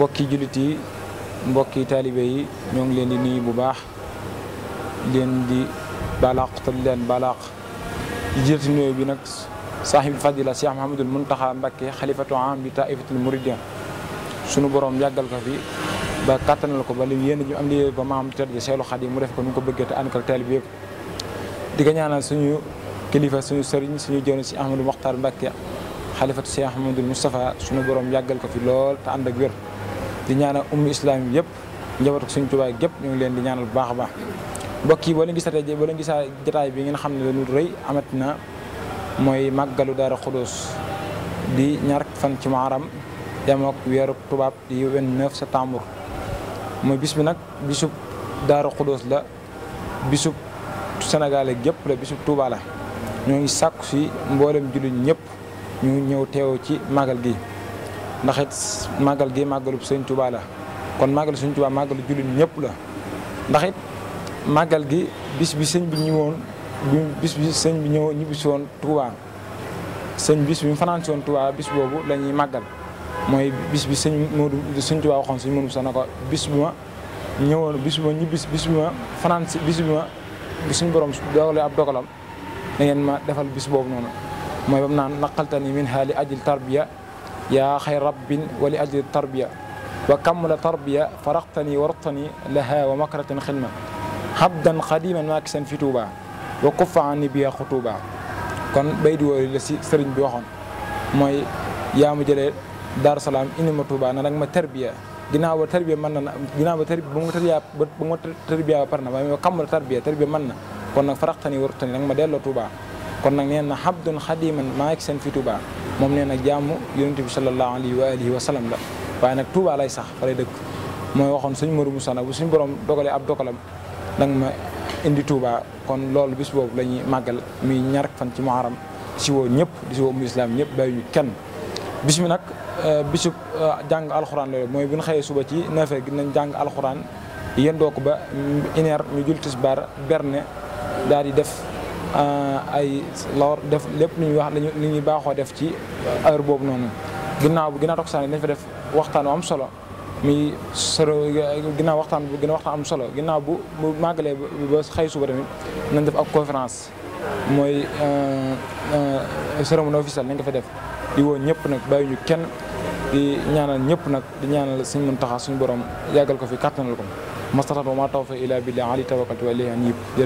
mbokki jullit yi mbokki taalibe yi ñoo ngi leen di nii bu baax leen di balaq te di leen balaq di jël ci nuyoo bi nag saaxib fadila Cheikh Mouhamadul Muntaxa Mbakke xalifatu am bi taifatul muridin sunu boroom yàggal ko fi ba kattanal ko ba li yéen ñu am li ba maam tedd Seexul Xadiim mu def ko nu ko bëggee te ànd ak taalibe yëpp di suñu kilifa suñu sëriñ suñu jëriñ si Ahmadou Mokhtar Mbakke xalifatu Cheikh Mouhamadul Moustapha sunu borom yàggal ko fi lool te ànd ak wér. di ñaanal ummi islam yi yëpp njabootu suñ tubaay gépp ñu ngi leen di ñaanal bu baax a mbokk yi boo leen gisatee boo leen gisaa jataay bi ngeen xam ne lu rëy amat na mooy màggalu Daaru Xudoos di ñaar fan ci maaram yem ak weeru tubaab di 29 septembre mooy bis bi nag bisub Daaru Xudoos la bisub Sénégal gépp la bisub Touba la ñoo ngi sàkku si mboolem jullit ñëpp ñu ñëw teew ci màggal gi ndaxit it màggal gi màggalub sëñ Tuubaa la kon màggalu sëñ Tuubaa màggalu jullit ñëpp la ndax it màggal gi bis bi sëñ bi ñëwoon bis bi sëñ bi ñëw ñibbisi woon Tuubaa sëñ bis bi mu fanaan si woon Tuubaa bis boobu la màggal mooy bis bi sëñ Moodu sëñ Tuubaa waxoon sëñ Moodu sax na ko bis ñibbis bis bi ma fanaan si bis bi ma suñ borom dogalee ab dogalam da ngeen ma defal bis boobu noonu mooy bam na naqaltani min haali ajil tarbiya yaa xayra rabbin wa li ajli tarbiya wa kammala tarbiya faraqtani wartani laha wa makratin xilma habdan xadiman maakisan fi tuuba wa kuffa anni biya xutuuba kon baydi wooyu la si sëriñ bi waxoon mooy yaa ma jëlee Daaru Salaam indi ma Tuuba na nag ma tarbiya ginnaaw ba tarbiya mën na ginnaaw ba tarbiya ba ma tarbiya ba ma tarbiya ba pare na waaye ma kammala tarbiya tarbiya mën na kon nag faraqtani wartani nag ma delloo Tuuba kon nag nee na habdan xadiman maakisan fi tuuba moom nee na jàmm yonente bi sallallahu alayhi wa alihi wa sallam la waaye nag Touba lay sax fa lay dëkk mooy waxoon suñ Mourou Moussa nag bu suñ borom dogalee ab dogalam danga ma indi Touba kon loolu bis boobu lañuy ñuy màggal muy ñaar fan ci muharam si woo ñëpp di si woo mu islam ñëpp bàyyi ñu kenn bis mi nag euh, bisu euh, jàng alxuraan loolu mooy bu ñu suba ci neuf heures gi nañ jàng alxuraan yendoo ko ba une heure ñu jul tisbaar berne daal di def Euh, ay lor def lépp lu ñuy wax li ñuy baaxoo def ci heure boobu noonu ginnaaw ginnaaw takkusaan dañ fa def waxtaan bu am solo mi solo ginnaaw waxtaan bu gën a waxtaan am solo ginnaaw bu bu màggalee ba xëy suba tamit nañ def ak conférence mooy euh, euh, cérémonie officielle nañ ko fa def di ñëpp nag ñu kenn di ñaanal ñëpp nag di ñaanal suñ mën taxaa suñu borom yàggal ko fi kàttanal ko mastatatu ma tawfiq illa billah ali tawakkaltu wa